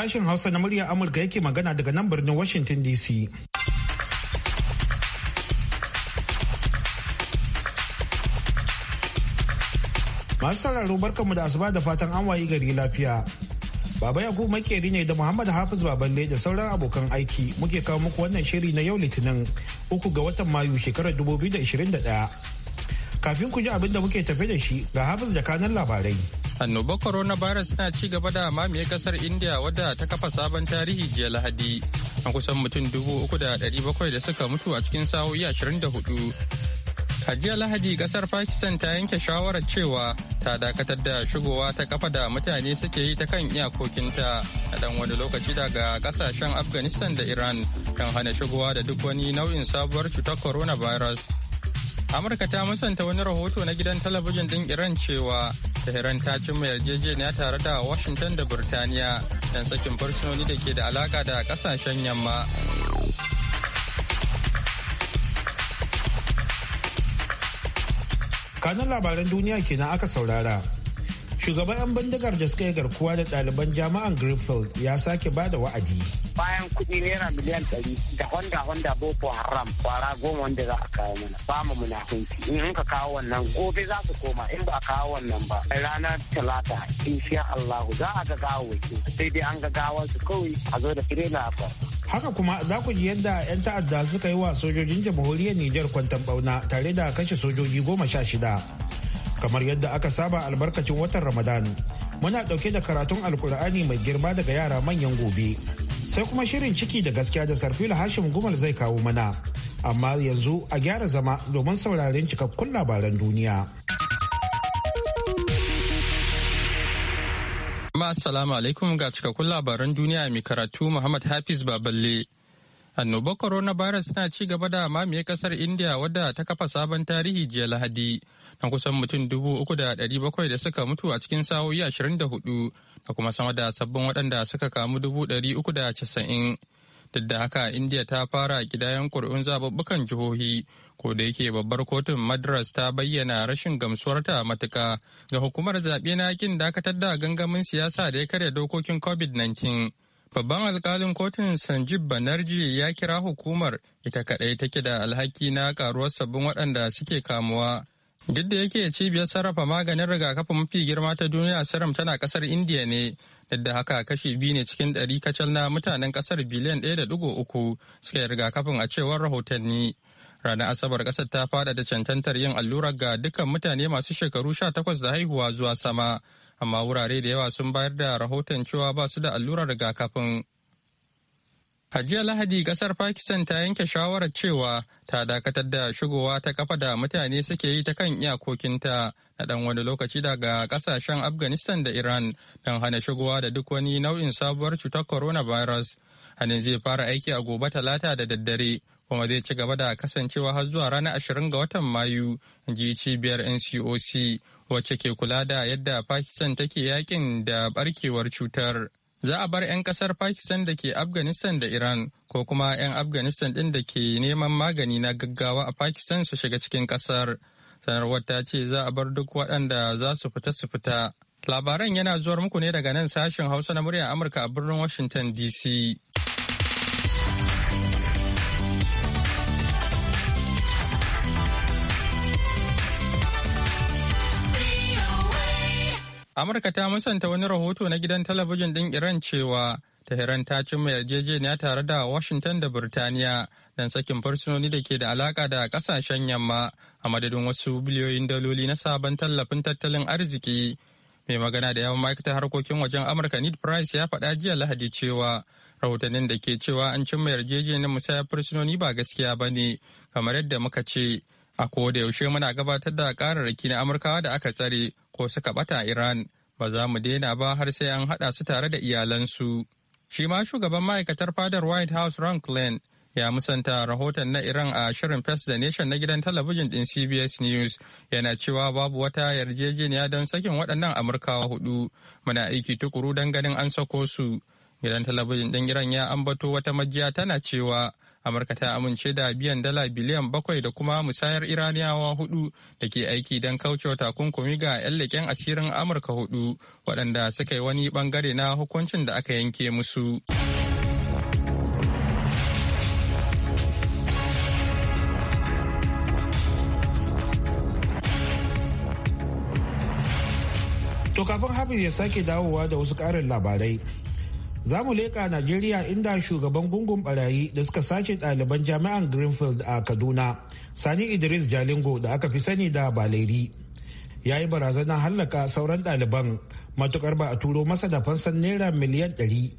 Sashen Hausa na muryar Amurka yake magana daga nan birnin Washington DC. Masu sauraro barkanmu da asuba da fatan an wayi gari lafiya. Baba Yakubu makeri ne da Muhammad Hafiz Baballe da sauran abokan aiki muke kawo muku wannan shiri na yau Litinin uku ga watan Mayu shekarar dubu 2021. Kafin ku ji abin da muke tafe da shi ga Hafiz da kanan labarai. annobar coronavirus na ci gaba da mamaye kasar india wadda ta kafa sabon tarihi jiya lahadi a kusan mutum dubu uku da ɗari bakwai da suka mutu a cikin sa'o'i ashirin da hudu a jiya lahadi kasar pakistan ta yanke shawarar cewa ta dakatar da shigowa ta kafa da mutane suke yi ta kan iyakokinta a dan wani lokaci daga kasashen afghanistan da iran kan hana shigowa da duk wani nau'in sabuwar cutar corona virus. amurka ta musanta wani rahoto na gidan talabijin ɗin iran cewa tehran ta cimma yarjejeniya tare da washington da burtaniya don sakin fursunoni da ke da alaka da kasashen yamma kanun labaran duniya kenan aka saurara shugaban 'yan bindigar da suka yi garkuwa da ɗaliban jami'an greenfield ya sake ba da wa'adi bayan kuɗi naira miliyan ɗari da honda honda boko haram kwara goma wanda za a kawo mana ba mu munafunci in ka kawo wannan gobe za su koma in ba a kawo wannan ba ranar talata insha allahu za a ga gawo sai dai an ga gawar su kawai a zo da firela a haka kuma za ku ji yadda 'yan ta'adda suka yi wa sojojin jamhuriyar Nijar kwantan bauna tare da kashe sojoji goma sha shida kamar yadda aka saba albarkacin watan ramadan muna ɗauke da karatun alkur'ani mai girma daga yara manyan gobe sai kuma shirin ciki da gaskiya da sarfila hashim gumal zai kawo mana amma yanzu a gyara zama domin sauraren cikakkun labaran duniya Assalamu alaikum ga cikakkun labaran duniya mai karatu Muhammad Hafiz Baballe. annobar coronavirus tana ci gaba da mamaye kasar india wadda ta kafa sabon tarihi jiya lahadi na kusan mutum dubu uku da ɗari bakwai da suka mutu a cikin sa'o'i ashirin da hudu da kuma sama da sabbin waɗanda suka kamu dubu ɗari uku da casa'in duk da haka india ta fara kidayen ƙuri'un zaɓuɓɓukan jihohi ko da yake babbar kotun madras ta bayyana rashin gamsuwarta matuka ga hukumar zaɓe na yakin dakatar da gangamin siyasa da ya karya dokokin covid-19 Babban alkalin kotun Sanjib banarji ya kira hukumar ita kaɗai take da alhaki na karuwar sabbin waɗanda suke kamuwa. Duk da yake cibiyar sarrafa maganin rigakafin mafi girma ta duniya Serum tana kasar Indiya ne, duk da haka kashi biyu ne cikin ɗari kacal na mutanen kasar biliyan ɗaya da ɗigo uku suka yi rigakafin a cewar rahotanni. Ranar Asabar ƙasar ta fada da cancantar yin allurar ga dukkan mutane masu shekaru sha takwas da haihuwa zuwa sama amma wurare da yawa sun bayar da rahoton cewa ba su da allurar rigakafin. A jiya Lahadi kasar Pakistan ta yanke shawarar cewa ta dakatar da shigowa ta kafa da mutane suke yi ta kan iyakokinta na ɗan wani lokaci daga kasashen Afghanistan da Iran don hana shigowa da duk wani nau'in sabuwar cutar coronavirus. Hanin zai fara aiki a gobe talata da daddare kuma zai ci gaba da kasancewa har zuwa ranar ashirin ga watan Mayu, in ji cibiyar NCOC wacce ke kula da yadda Pakistan take yakin da barkewar cutar. Za a bar 'yan kasar Pakistan da ke Afghanistan da Iran ko kuma 'yan Afghanistan ɗin da ke neman magani na gaggawa a Pakistan su shiga cikin kasar. Sanarwar ta ce za a bar duk waɗanda za su fita su fita. Labaran yana zuwar muku ne daga nan sashen Hausa na muryar Amurka a birnin Washington DC. Amurka ta musanta wani rahoto na gidan talabijin ɗin Iran cewa Tehran ta cimma yarjejeniya tare da Washington da Birtaniya don sakin fursunoni da ke da alaka da kasashen yamma a madadin wasu biliyoyin daloli na sabon tallafin tattalin arziki. Mai magana da yawan ma'aikatar harkokin wajen Amurka Need Price ya faɗa jiya Lahadi cewa rahotannin da ke cewa an cimma yarjejeniyar musayar fursunoni ba gaskiya ba ne kamar yadda muka ce A koda yaushe muna gabatar da kararraki na Amurkawa da aka tsare ko suka bata Iran ba za mu daina ba har sai an haɗa su tare da iyalansu. Shi ma shugaban ma'aikatar fadar White House Ron Klein ya musanta rahoton na Iran a shirin First the Nation na gidan talabijin ɗin CBS News yana cewa babu wata yarjejeniya don sakin waɗannan Amurkawa hudu muna aiki tukuru don ganin an sako su. Gidan talabijin ɗin Iran ya ambato wata majiya tana cewa Amurka ta amince da biyan dala biliyan bakwai da kuma musayar Iraniyawa hudu da ke aiki don kaucewa takunkumi ga 'yan leƙen asirin Amurka hudu waɗanda suka yi wani ɓangare na hukuncin da aka yanke musu. To kafin Hafiz ya sake dawowa da wasu ƙarin labarai za mu leƙa najeriya inda shugaban gungun barayi da suka sace ɗaliban jami'an greenfield a kaduna sani idris jalingo da aka fi sani da baleri ya yi barazanar hallaka sauran ɗaliban matukar ba a turo masa da fansan naira miliyan 100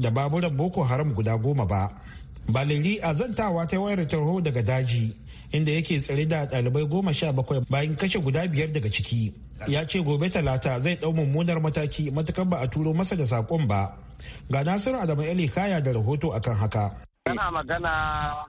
da baburan boko haram guda goma ba baleri a zantawa ta wayar tarho daga daji inda yake tsare da ɗalibai goma sha bakwai bayan kashe guda biyar daga ciki ya ce gobe talata zai ɗau mummunar mataki matukar ba a turo masa da saƙon ba Ga Nasiru Adamu Eli Kaya da rahoto akan haka. Yana magana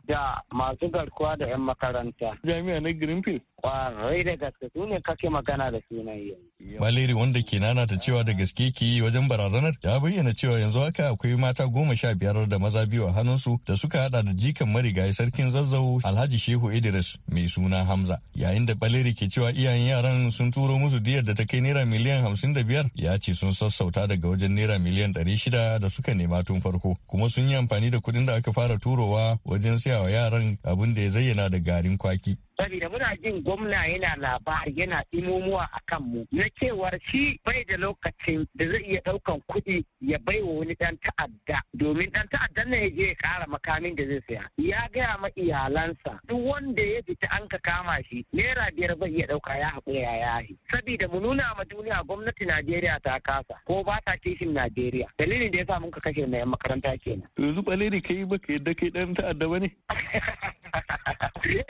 da masu garkuwa da 'yan makaranta. Jami'a na Greenpeace? kwarai da gaske su ne kake magana da sunan yanzu. Baleri wanda ke ta cewa da gaske ki yi wajen barazanar ya bayyana cewa yanzu haka akwai mata goma sha biyar da maza biyu a hannunsu da suka hada da jikan marigayi sarkin zazzau Alhaji Shehu Idris mai suna Hamza. Yayin da Baleri ke cewa iyayen yaran sun turo musu diyar da ta kai naira miliyan hamsin da biyar ya ce sun sassauta daga wajen naira miliyan ɗari shida da suka nema tun farko kuma sun yi amfani da kuɗin da aka fara turowa wajen siyawa yaran abin da ya zayyana da garin kwaki. saboda muna jin gwamna yana labari yana imomuwa a kan mu na cewar shi bai da lokacin da zai iya ɗaukan kuɗi ya bai wa wani dan ta'adda domin ɗan ta'addan ne ya je ya kara makamin da zai saya ya gaya ma iyalansa duk wanda ya fita an ka kama shi naira biyar bai iya ɗauka ya haƙura ya yahi saboda mu nuna ma duniya gwamnati Najeriya ta kasa ko ba ta kishin Najeriya dalilin da ya sa mun ka kashe mai makaranta kenan yanzu balere kai baka yadda kai dan ta'adda bane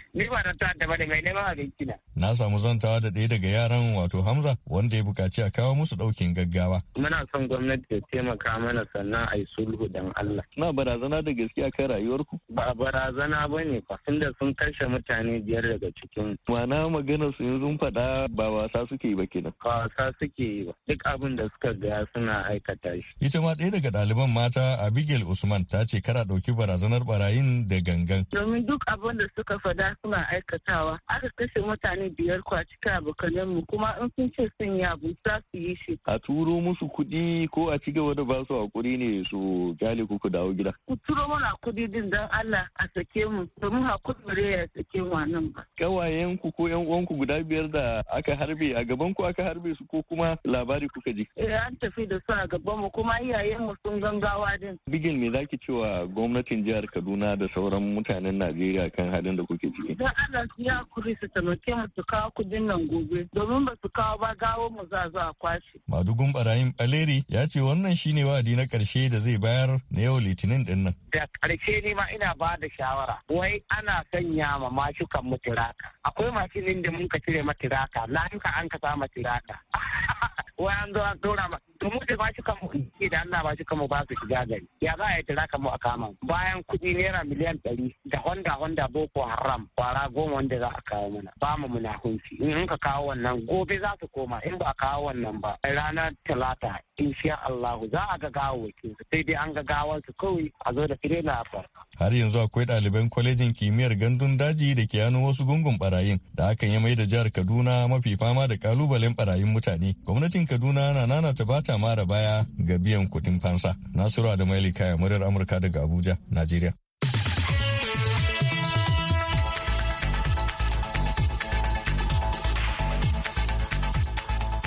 ni ba da ta'adda ba ne ba a abinci na. Na samu zantawa da ɗaya daga yaran wato Hamza wanda ya buƙaci a kawo musu ɗaukin gaggawa. Muna son gwamnati ta taimaka mana sannan a yi sulhu don Allah. Na barazana da gaskiya kan rayuwarku? Ba barazana ba ne fa tunda sun kashe mutane biyar daga cikin. Mana magana su yanzu faɗa ba wasa suke yi ba kenan. Ba wasa suke yi ba duk abin da suka ga suna aikata shi. Ita ma ɗaya daga ɗaliban mata Abigail Usman ta ce kara ɗauki barazanar barayin da gangan. Domin duk abin da suka faɗa suna aikatawa aka kashe mutane biyar ko a cikin abokanen mu kuma in sun ce sun yi abu za su yi shi. A turo musu kuɗi ko a ci gaba da ba su hakuri ne su kyale ku ku dawo gida. Ku turo mana kuɗi din don Allah a sake mu domin hakuri bare ya sake mu a nan ba. Kawayen ku ko yan uwanku guda biyar da aka harbe a gaban ku aka harbe su ko kuma labari kuka ji. Eh an tafi da su a gaban mu kuma iyayen mu sun gangawa din. Bigin me zaki cewa gwamnatin jihar Kaduna da sauran mutanen Najeriya kan halin da kuke ciki? Idan Allah siya ya kuri su taimake mu su kawo kudin nan gobe domin ba su kawo ba gawo mu za zuwa kwashe. Madugun Barayin Baleri ya ce wannan shine wa'adi na karshe da zai bayar na yau Litinin din nan. Da karshe ne ma ina ba da shawara wai ana sanya ma mashukan mu tiraka. Akwai mashinin da mun ka cire ma tiraka na an ka an ka sa ma tiraka. Wai an zo an ma Kamu mu da shi kanmu ke da Allah bashi kanmu ba su shiga gari ya za a yi tira kanmu a kama bayan kuɗi naira miliyan ɗari da honda honda boko haram kwara goma wanda za a kawo mana ba mu munafunci in ka kawo wannan gobe za su koma in ba a kawo wannan ba A ranar talata insha Allah za a ga gawo sai dai an ga gawansu kawai a zo da fire na a har yanzu akwai ɗaliban kwalejin kimiyyar gandun daji da ke hannun wasu gungun barayin da hakan ya mai da jihar Kaduna mafi fama da kalubalen barayin mutane gwamnatin Kaduna na nana ta bata ta mara baya ga biyan kuɗin fansa. Nasiru adamu Maili Kaya, muryar Amurka daga Abuja, Najeriya.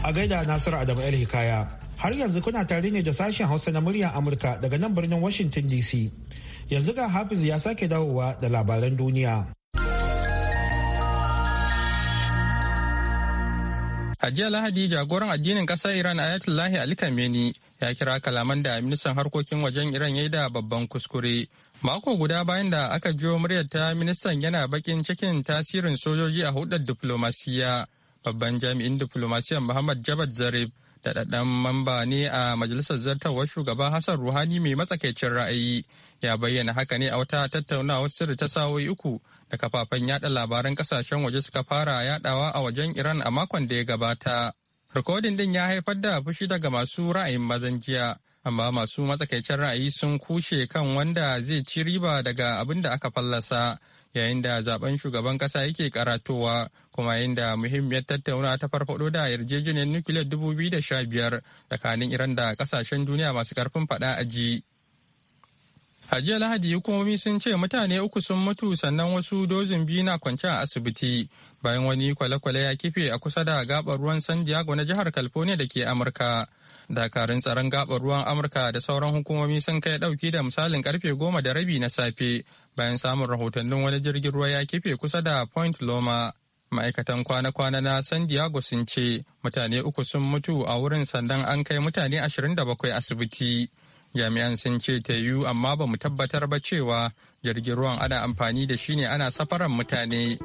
A gaida Nasiru Adamu El Hikaya, har yanzu kuna tare ne da sashen Hausa na muryar Amurka daga nan birnin Washington DC. Yanzu ga Hafiz ya sake dawowa da labaran duniya. A jiya Lahadi jagoran addinin ƙasar Iran Ayatollah Ali Khamenei ya kira kalaman da ministan harkokin wajen Iran ya yi da babban kuskure. Mako guda bayan da aka jiyo muryar ta ministan yana bakin cikin tasirin sojoji a hudar diplomasiya. Babban jami'in diplomasiyan Muhammad Jabad Zarif da ɗaɗɗan mamba ne a majalisar zartarwar shugaban Hassan Ruhani mai matsakaicin ra'ayi ya bayyana haka ne a wata tattaunawar sirri ta sawoyi uku da kafafen yada labaran kasashen waje suka fara yadawa a wajen Iran a makon da ya gabata. Rikodin din ya haifar da fushi daga masu ra'ayin mazan jiya, amma masu matsakaicin ra'ayi sun kushe kan wanda zai ci riba daga abin da aka fallasa yayin da zaben shugaban kasa yake karatowa kuma yayin da muhimmiyar tattauna ta farfado da yarjejeniyar nukiliyar biyar tsakanin Iran da kasashen duniya masu karfin fada a ji. A jiya Lahadi hukumomi sun ce mutane uku sun mutu sannan wasu dozin biyu na kwance a asibiti bayan wani kwale-kwale ya kife a kusa da gabar ruwan San Diego na jihar California da ke Amurka. Dakarun tsaron gabar ruwan Amurka da sauran hukumomi sun kai dauki da misalin karfe goma da rabi na safe bayan samun rahotannin wani jirgin ruwa ya kife kusa da Point Loma. Ma'aikatan kwana-kwana na San Diego sun ce mutane uku sun mutu a wurin sannan an kai mutane ashirin da bakwai asibiti. jami'an sun ce ta yiwu amma ba mu tabbatar ba cewa jirgin ruwan ana amfani da shi ne ana safaran mutane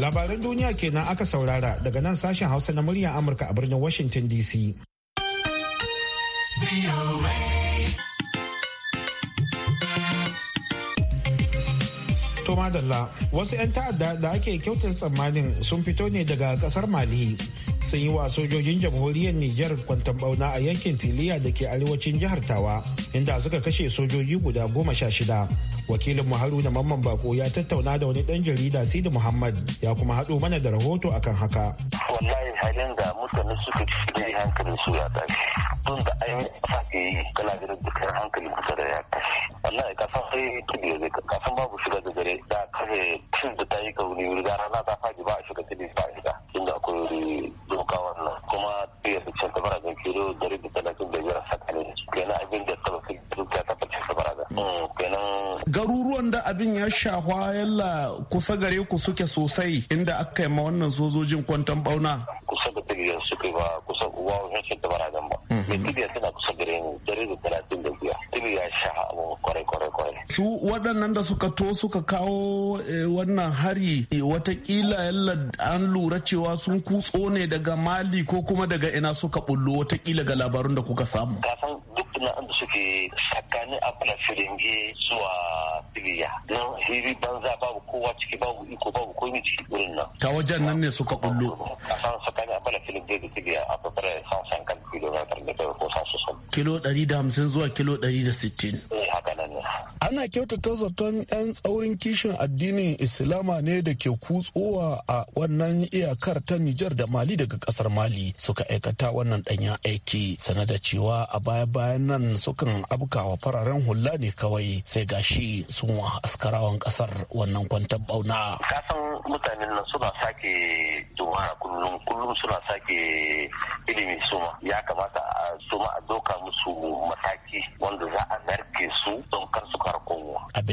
labaran duniya kenan aka saurara daga nan sashen hausa na muryar amurka a birnin washington dc To madalla wasu 'yan ta'adda da ake kyautar tsammanin sun fito ne daga kasar Mali sun yi wa sojojin jamhuriyar Nijar kwantan bauna a yankin Tiliya da ke arewacin jihar Tawa inda suka kashe sojoji guda goma sha shida. Wakilin Haruna Mamman Bako ya tattauna da wani dan jarida Sidi Muhammad ya kuma haɗo mana da rahoto akan haka. Wallahi halin da mutane suka ci hankali su ya tashi. tun da an yi ƙasa ke yi kana gina dukkan hankali kusa da ya kashi wallahi ka san sai tudu da ka san babu shiga da dare da kare tun da ta yi wuni wuri gara rana ta faɗi ba a shiga tudu ba a shiga inda akwai wuri doka wannan kuma tuyar da can ta fara zan kiro dari da talatin da biyar sakani kenan abin da ta ba ta cusa baraza. Mm, garuruwan da abin ya shafa yalla kusa gare ku suke sosai inda aka yi ma wannan sojojin kwantan bauna. kusa da tigiyar suke ba kusa uwa wajen da barazan ba. Mhm. mai tigiyar tana kusa gare ni dare da talatin da biyar. ya sha abu kwarai kwarai kwarai. su waɗannan da suka to suka kawo eh, wannan hari eh, watakila yalla an lura cewa sun kutso ne daga mali ko kuma daga ina suka bullo watakila ga labarun da kuka samu. kasan duk na da suke tsakanin ambulan firinge zuwa siriya don hiri banza babu kowa ciki babu iko babu komi ciki wurin nan ta wajen nan ne suka kullu. a san kani ambulan firinge da siriya a babbar san san kan karni da ko san su kilo hamsin zuwa kilo 160 eh, haka nan ne ana kyautata zaton 'yan tsaurin kishin addinin islama ne da ke kutsowa a wannan iyakar ta nijar da mali daga kasar mali suka aikata wannan danyen aiki sanada cewa a baya-bayan nan sukan wa fara. fararen hula ne kawai sai gashi sun wa askarawan kasar wannan kwantar bauna kasan mutanen nan suna sake dumara kullum kullum suna sake ilimi suma ya kamata a suma a doka musu mataki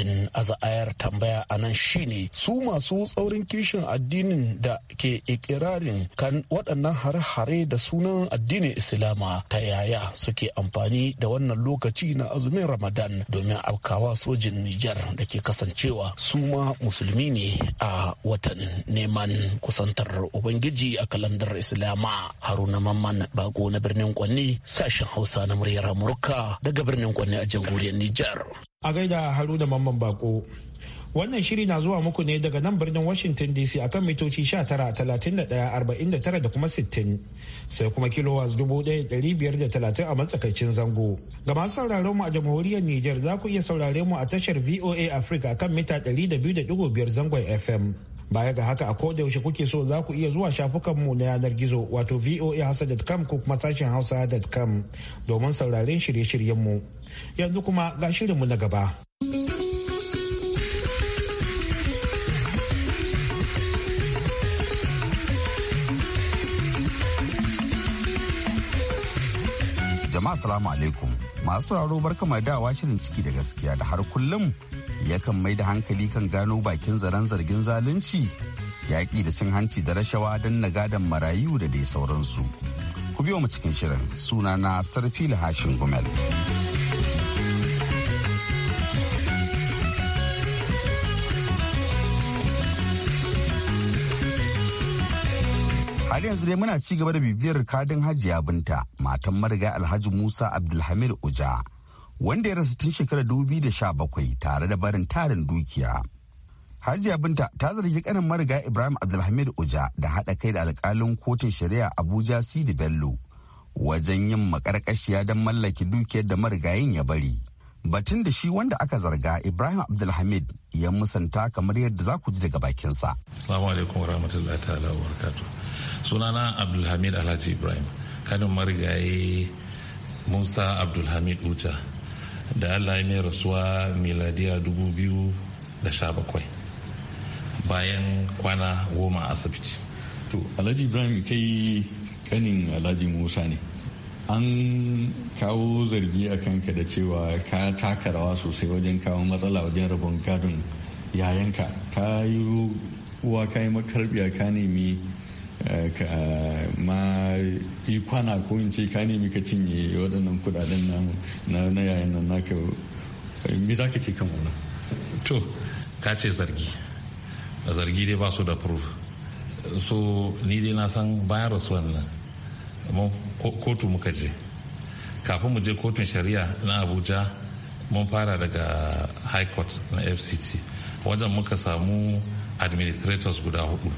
abin azayar tambaya a nan shine su masu tsaurin kishin addinin da ke ikirarin kan waɗannan hare-hare da sunan addinin islama ta yaya suke amfani da wannan lokaci na azumin ramadan domin afkawa sojin nijar da ke kasancewa su ma musulmi ne a watan neman kusantar ubangiji a kalandar islama haruna mamman bako na birnin Kwanne, sashen hausa na muryar amurka daga birnin Kwanne a jamhuriyar nijar a gaida haruna mamman bako wannan shiri na zuwa muku ne daga nan birnin washington dc akan mitoci 19,31,49 da kuma 60 sai kuma da 1,530 a matsakaicin zango ga masu sauraron mu a jamhuriyar niger za ku iya saurare mu a tashar voa africa a kan mita 200.5 zangon fm baya ga haka a koda yaushe kuke so za ku iya zuwa shafukanmu na yanar gizo wato voahausa.com ko kuma sashen hausa.com domin sauraren shirye-shiryenmu yanzu kuma ga shirinmu na gaba jama'a salamu alaikum masu sauraro mai dawa shirin ciki da gaskiya da har kullum yakan mai da hankali kan gano bakin zaren zargin zalunci yaƙi da cin hanci da rashawa don gadon marayu da dai sauransu ku biyo mu cikin shirin suna na sarfi hashin gumel har yanzu dai muna ci gaba da bibiyar kadin hajiya binta matan mariga alhaji musa abdulhamir uja wanda ya rasu tun shekarar bakwai tare da barin tarin dukiya. Hajiya Binta ta zargi kanin mariga Ibrahim Abdulhamid Uja da haɗa kai da alkalin kotun shari'a Abuja Sidi Bello wajen yin makarƙashiya don mallaki dukiyar da marigayin ya bari. Batun da shi wanda aka zarga Ibrahim Abdulhamid ya musanta kamar yadda za ku ji daga bakinsa. Salamu alaikum wa rahmatullahi ta'ala wa barakatu. Sunana Abdulhamid Alhaji Ibrahim, kanin marigayi Musa Abdulhamid Uja. da allah ya biyu rasuwa miladiya 2017 bayan kwana goma a asibiti to alhaji ibrahim kai kanin alhaji musa ne an kawo zargi a kanka da cewa ka taka rawa sosai wajen kawo matsala wajen rabon gadon yayanka ka yi uwa ka yi makarbiya ka nemi ka ma yi kwana ko in ce ka nemi ka cinye waɗannan kudaden na na yayin nan naka me za ka ce kan wannan to ka ce zargi zargi dai ba su da proof so ni dai na san bayan rasuwan nan mun kotu muka je kafin mu je kotun shari'a na abuja mun fara daga high court na fct wajen muka samu administrators guda hudu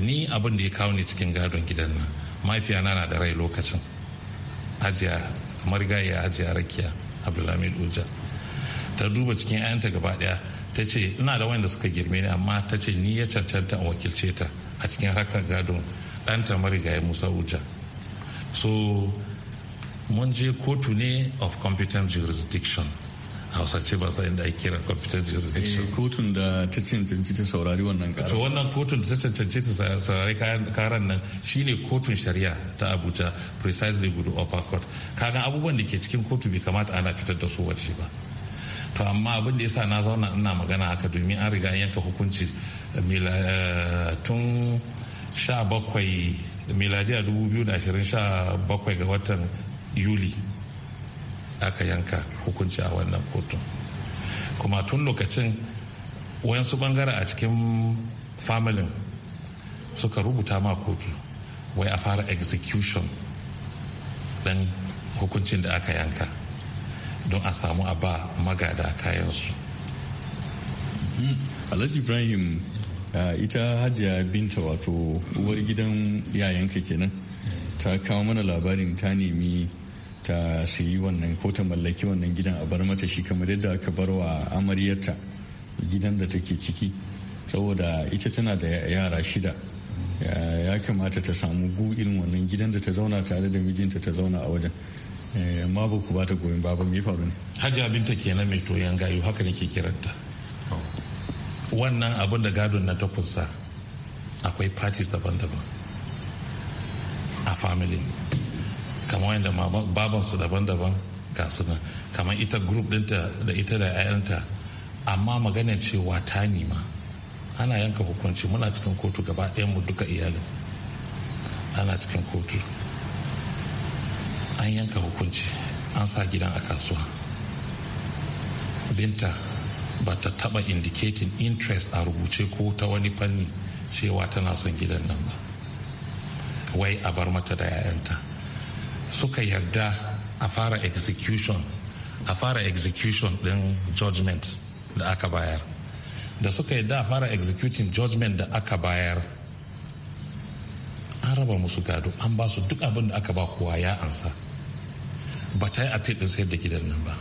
ni abin da ya kawo ni cikin gadon gidan nan mafiya na na da rai lokacin ajiya marigayya ajiya rakiya abdulhamid uja ta duba cikin 'ya'yanta gaba daya ta ce ina da wanda suka girme ni amma ta ce ni ya cancanta in wakilce ta a cikin haka gadon ɗanta marigayi musa uja so mun je kotu ne of competent jurisdiction hausa ce ba sa inda ake kira competent jurisdiction eh, kotun da ta cancanci ta saurari wannan karar to wannan kotun da ta cancanci ta saurari karar nan shine kotun shari'a ta abuja precisely gudu upper court kaga abubuwan da ke cikin kotu bai kamata ana fitar da su wace ba to amma abin da yasa na zauna ina magana haka domin an riga yanka hukunci eh, eh, tun sha bakwai miladiya 2027 ga watan yuli aka yanka hukunci a wannan kotu kuma tun lokacin wayansu bangare a cikin familin suka rubuta ma kotu wai a fara execution dan hukuncin da aka yanka don a samu a ba magada kayansu alhaji ibrahim eh, ita hajiya binta wato uwar gidan yayanka kenan ta kawo mana labarin ta nemi ta sayi wannan ko ta mallaki wannan gidan a bar mata shi kamar yadda aka bar wa amaryarta gidan da take ciki saboda ita tana da yara shida ya kamata ta samu gu'in wannan gidan da ta zauna tare da mijinta ta zauna a wajen eh, ma ba ku ba ta goyon babu me faru ne hajji abinta kenan mai toyan gayu haka ke kiranta oh. wannan abin da gadon na ta akwai parties daban-daban a family kamar yadda su daban-daban ga suna kamar ita group dinta da ita da 'ya'yanta amma maganar cewa ta nima ana yanka hukunci muna cikin kotu gaba mu duka iyalin ana cikin kotu an yanka hukunci an sa gidan a kasuwa binta ba ta taba indicating interest a rubuce ko ta wani fanni cewa tana son gidan nan ba wai a bar mata da 'ya'yanta suka yarda a fara execution a fara execution din judgment da aka bayar da suka yarda a fara executing judgment da aka bayar an raba musu gado an ba su duk abin da aka ba kowa ya ansa ba ta yi a din sayar da gidan nan ba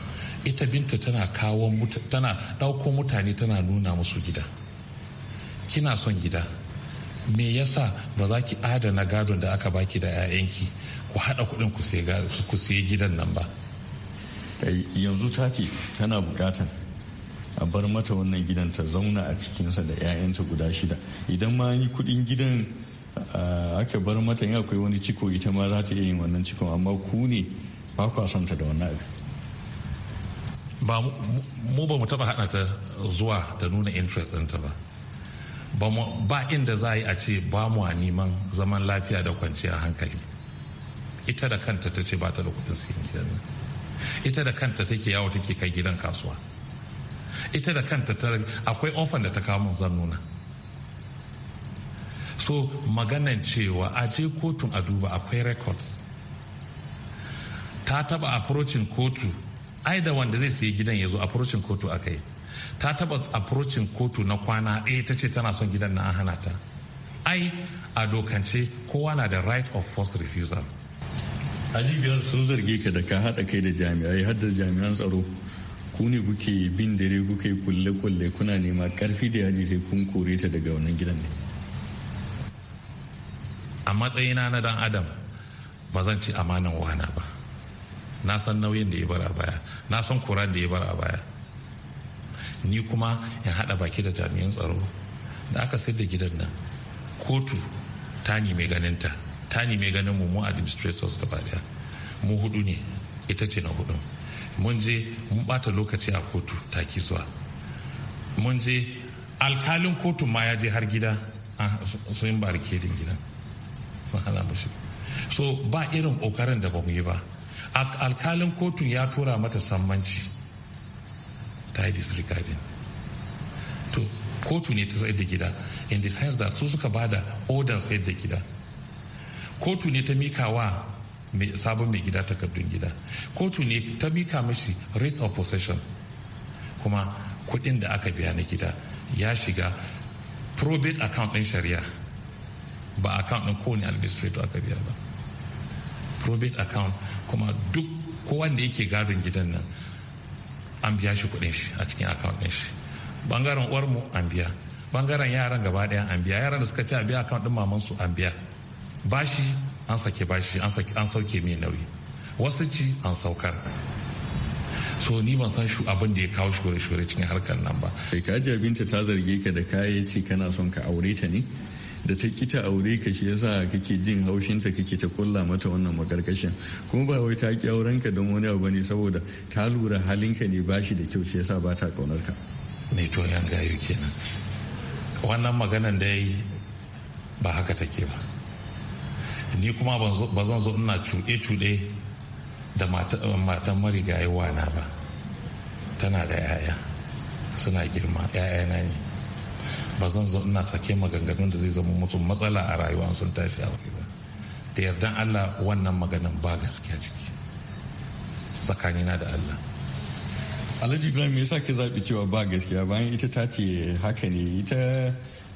ita binta tana kawo tana ɗauko mutane tana nuna musu gida kina son gida me yasa ba za ki adana gadon da aka baki da 'ya'yanki ku haɗa kuɗin ku siye gidan nan ba eh, yanzu ta ce tana bukatan a bar mata wannan gidan ta zauna a cikinsa da 'ya'yanta guda shida idan ma yi kuɗin gidan ah, aka bar mata in akwai wani ciko ita ma za ta iya yin wannan cikon amma ku ne ba ku asanta da wannan abin ba mu ba mu taɓa haɗa ta zuwa da nuna interest ɗinta ba ba inda za a yi a ce ba mu a neman zaman lafiya da kwanciyar hankali ita da kanta ta ce ba ta da kudin sayan gidan nan ita da kanta take yawo take kai gidan kasuwa ita da kanta ta akwai ofan da ta kawo mun zan nuna so maganan cewa a je kotun a duba akwai records ta taba approaching kotu ai da wanda zai sayi gidan ya zo approaching kotu aka yi ta taba approaching kotu na kwana ɗaya ta ce tana son gidan na an hana ta ai a dokance kowa na da right of first refusal aji biyar sun zarge ka da ka haɗa kai da jami'ai har da jami'an tsaro ku ne kuke bin dare kuke kulle-kulle kuna nema karfi da yaji sai kun kore ta daga wannan gidan ne a matsayina na dan adam ba zan ci amanan wana ba na san nauyin da ya bara baya na san kuran da ya bar a baya ni kuma in haɗa baki da jami'an tsaro da aka sayar da gidan nan kotu ta tani mai ta ni mai ganin mu mu administrators gaba daya mu hudu ne ita ce na hudu mun je mun bata lokaci a kotu ki zuwa mun je alkalin kotu ma ya je har gida sun ba rikedin gidan sun hana mu so ba irin kokarin da ba mu yi ba alkalin kotun ya tura mata sammanci ta yi to kotu ne ta sayar da gida in the sense that su suka bada odan sayar da gida kotu ne ta mikawa sabon mai gida takardun gida kotu ne ta mika mashi rate of possession kuma kudin da aka biya na gida ya shiga probate account din shari'a ba account din kowane administrator aka biya ba probate account kuma duk kowanne yake gadon gidan nan an biya shi kuɗin shi a cikin akawun shi bangaren uwarmu an biya bangaren yaran gaba ɗaya an biya yaran da suka ci a biya akawun ɗin su an biya bashi an sake bashi an sauke mai nauyi wasu ci an saukar so ni ban san shu abin da ya kawo shure-shure cikin harkar nan ba. Kai ka binta ta zarge ka da kayaci kana son ka aure ta ne? da ta kita aure ka shi yasa kake jin haushin ta kake ta kulla mata wannan makarkashin kuma ba wai ta ki auren ka don wani abu ne saboda ta lura halinka ne bashi da kyau shi yasa ba ta kaunar ka ne to yan gayu kenan wannan maganan da yi ba haka take ba ni kuma ba zan zo ina cuɗe-cuɗe da matan marigayi wana ba tana da 'ya'ya suna girma 'ya'ya na ne ba zan zo ina sake maganganun da zai zama musu matsala a rayuwa sun tashi a wuri ba da yardan allah wannan maganin ba gaskiya ciki tsakanina da allah alhaji ibrahim yasa ke zaɓi cewa ba gaskiya bayan ita ta ce haka ne ita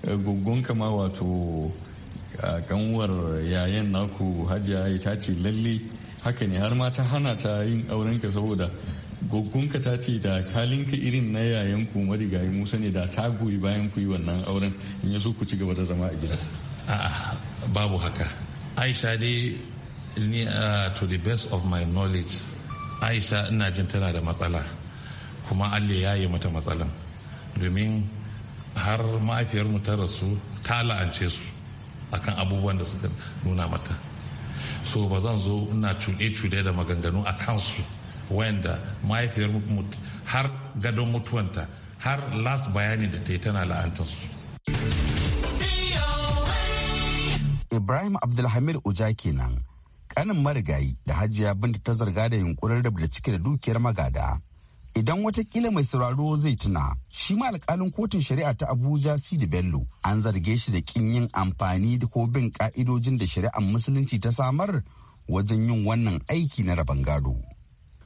eh, gungun kama wato kanwar yayan naku hajiya ta ce lalle haka ne har ma ta hana ta yin auren ka saboda goggonka ta ce da kalinka irin na yayan ku marigayi musa ne da ta goyi bayan ku yi wannan auren in yaso ku ci gaba da zama a gida babu haka aisha dai ni ah, to the best of my knowledge aisha ina jin tana da matsala kuma allah ya yi mata matsalan domin har mu ta rasu ta la'ance su akan abubuwan da suka nuna mata so ba zan zo ina cuɗe-cuɗe da maganganu a kansu wanda mahaifiyar har gadon mutuwanta har las bayani da ta yi tana la'antarsu. Ibrahim Abdulhamid Uja kenan kanin marigayi da hajiya binta ta zarga da yunkurin da cike da dukiyar magada. Idan watakila mai sauraro zai tuna, shi ma alkalin kotun shari'a ta Abuja Sidi Bello an zarge shi da kin yin amfani da ko bin ka'idojin da shari'ar musulunci ta samar wajen yin wannan aiki na rabon gado.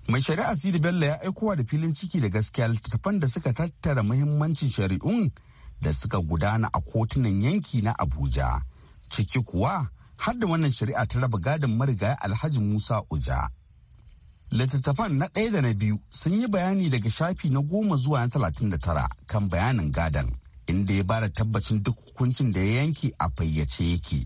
mai shari'a sidi bello ya aikowa da filin ciki da gaskiya littattafan da suka tattara muhimmancin shari'un da suka gudana a kotunan yanki na abuja ciki kuwa har da wannan shari'a ta raba gadon marigaya alhaji musa uja littattafan na ɗaya da na biyu sun yi bayani daga shafi na goma zuwa na talatin da tara kan bayanin gadon inda ya bada tabbacin duk hukuncin da ya yanki a fayyace yake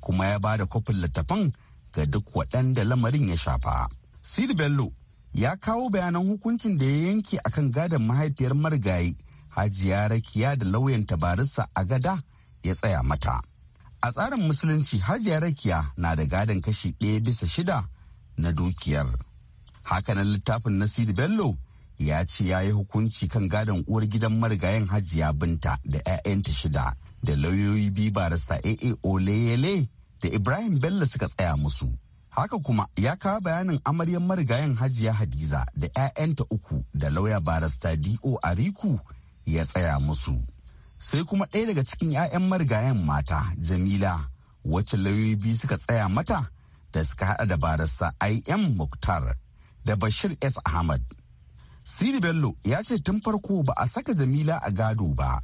kuma ya bada kwafin littattafan ga duk waɗanda lamarin ya shafa. Sidi Bello ya kawo bayanan hukuncin da ya yanke akan gadon mahaifiyar marigayi hajiya rakiya da lauyan tabarissa a gada ya tsaya mata a tsarin musulunci hajiya rakiya na da gadon kashi ɗaya bisa shida na dukiyar hakanan littafin Nasiru bello ya ce ya yi hukunci kan gadon uwar gidan marigayen hajiya binta da 'ya'yanta shida da lauyoyi biyu barista aa oleyele da ibrahim bello suka tsaya musu Haka kuma ya kawo bayanin amaryar marigayen Hajiya Hadiza da 'ya'yanta uku da lauya barista D.O. Ariku ya tsaya musu. Sai kuma ɗaya daga cikin 'ya'yan marigayen mata Jamila wacce lauyoyi biyu suka tsaya mata da suka hada da barista I.M. Mukhtar da Bashir S. Ahmad. Siri Bello ya ce tun farko ba a saka Jamila a gado ba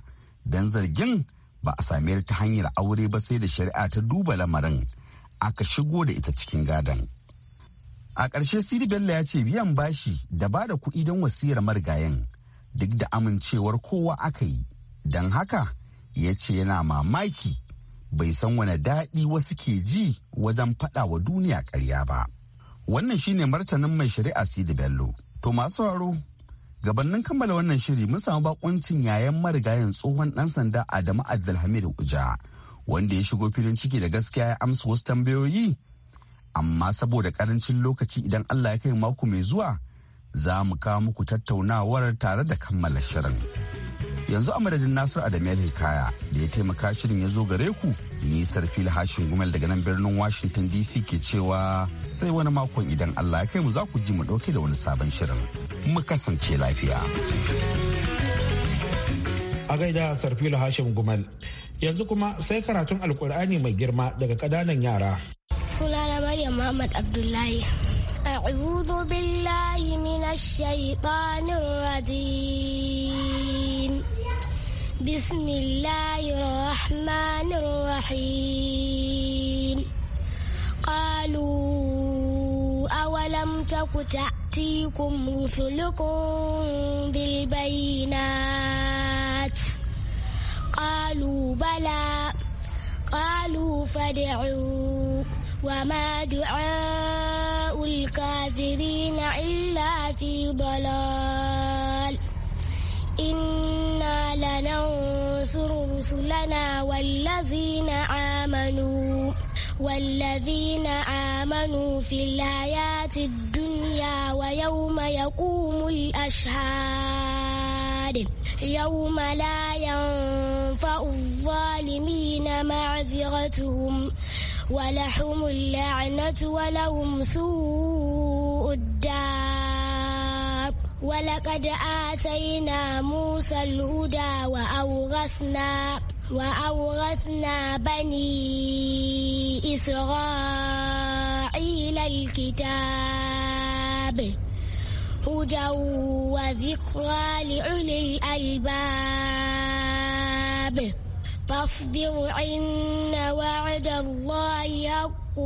don zargin ba a same ta hanyar aure ba sai da shari'a ta duba lamarin. aka shigo da ita cikin gadon. A ƙarshe Sidi Bello ya ce biyan bashi da ba da kuɗi don wasiyar marigayen duk da amincewar kowa aka yi. Don haka ya ce yana mamaki bai san wani daɗi wasu ke ji wajen faɗa wa duniya ƙarya ba. Wannan shine martanin mai shari'a Sidi Bello. To masu haro, gabanin kammala wannan shiri mun samu bakuncin yayan marigayen tsohon ɗan sanda Adamu Abdulhamid Uja. wanda ya shigo filin ciki da gaskiya ya amsa wasu tambayoyi amma saboda karancin lokaci idan allah ya kai mako mai zuwa za mu kawo muku tattaunawar tare da kammala shirin yanzu a madadin nasiru adamiyar hikaya da ya taimaka shirin ya zo gare ku nisar fil hashin gumel daga nan birnin washington dc ke cewa sai wani makon idan allah ya kai mu za ku ji mu dauke da wani sabon shirin mu kasance lafiya. a gaida sarfilo hashim gumal yanzu kuma sai karatun alkur'ani mai girma daga kananan yara sunana maryam muhammad abdullahi أعوذ بالله من الشيطان الرجيم بسم الله الرحمن الرحيم قالوا أولم تك تأتيكم رسلكم بالبينات قالوا بلى قالوا فادعوا وما دعاء الكافرين إلا في ضلال إنا لننصر رسلنا والذين آمنوا والذين آمنوا في الحياة الدنيا ويوم يقوم الأشهاد يوم لا ينصر صدقتهم ولهم اللعنة ولهم سوء الدار ولقد آتينا موسى الهدى وأوغثنا وأوغثنا بني إسرائيل الكتاب هدى وذكرى لأولي الألباب فاصبر إن وعد الله حق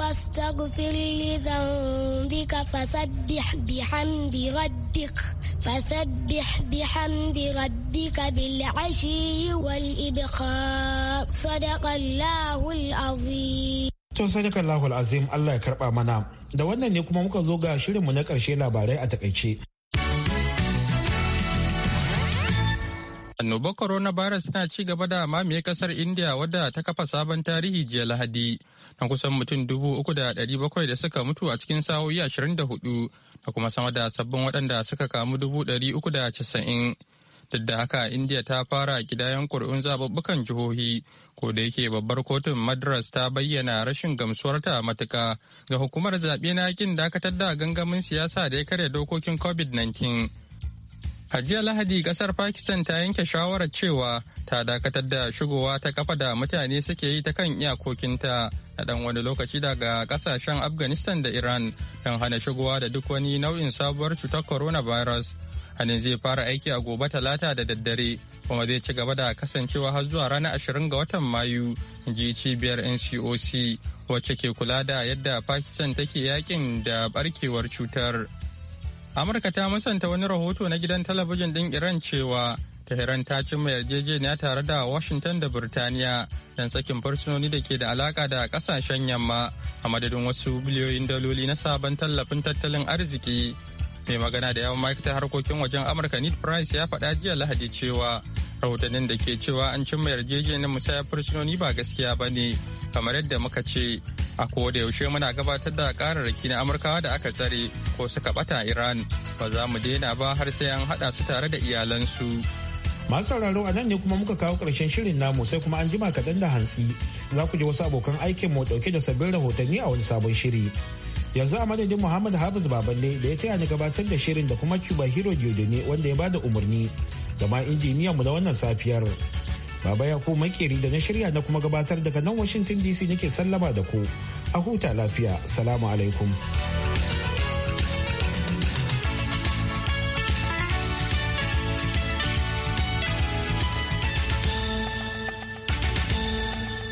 واستغفر لذنبك فسبح بحمد ربك فسبح بحمد ربك بالعشي والإبخار صدق الله العظيم To sadaka Allahul Azim Allah ya karba mana da wannan ne kuma muka zo ga shirinmu na ƙarshe labarai a takaice. Annobar coronavirus tana ci gaba da mamaye kasar India wadda ta kafa sabon tarihi jiya Lahadi na kusan mutum dubu uku da ɗari bakwai da suka mutu a cikin sa'o'i ashirin da hudu da kuma sama da sabbin waɗanda suka kamu dubu ɗari uku da casa'in. Duk da haka India ta fara kidayen ƙuri'un zaɓuɓɓukan jihohi ko da yake babbar kotun Madras ta bayyana rashin gamsuwarta matuka ga hukumar zaɓe na yakin dakatar da gangamin siyasa da ya karya dokokin COVID-19. A jiya Lahadi kasar Pakistan ta yanke shawarar cewa ta dakatar da shigowa ta kafa da mutane suke yi ta kan iyakokinta na dan wani lokaci daga kasashen Afghanistan da Iran don hana shigowa da duk wani nau'in sabuwar cutar coronavirus. Hanin zai fara aiki a gobe talata da daddare kuma zai ci gaba da kasancewa har zuwa ranar ashirin ga watan Mayu ji cibiyar NCOC wacce ke kula da yadda Pakistan take yakin da barkewar cutar. amurka ta musanta wani rahoto na gidan talabijin ɗin iran cewa tehran ta cimma yarjejeniya tare da washington da birtaniya don sakin fursunoni da ke da alaka da kasashen yamma a madadin wasu biliyoyin daloli na sabon tallafin tattalin arziki mai magana da yawan maikatar harkokin wajen amurka need price ya faɗa jiya lahadi cewa rahotannin da ke cewa an cimma yarjejeniyar musayar fursunoni ba gaskiya ba ne kamar yadda muka ce a koda yaushe muna gabatar da kararraki na amurkawa da aka tsare ko suka bata iran ba za mu daina ba har sai an hada su tare da iyalansu masu sauraro a nan ne kuma muka kawo karshen shirin namu sai kuma an jima kaɗan da hantsi za ku ji wasu abokan aikin mu ɗauke da sabbin rahotanni a wani sabon shiri yanzu a madadin muhammad hafiz baballe da ya taya ni gabatar da shirin da kuma cuba hero ne wanda ya bada umarni da ma injiniyan mu na wannan safiyar Baba ya ko makeri da na shirya na kuma gabatar daga nan Washington DC nake sallama da ku. A huta lafiya. Salamu alaikum.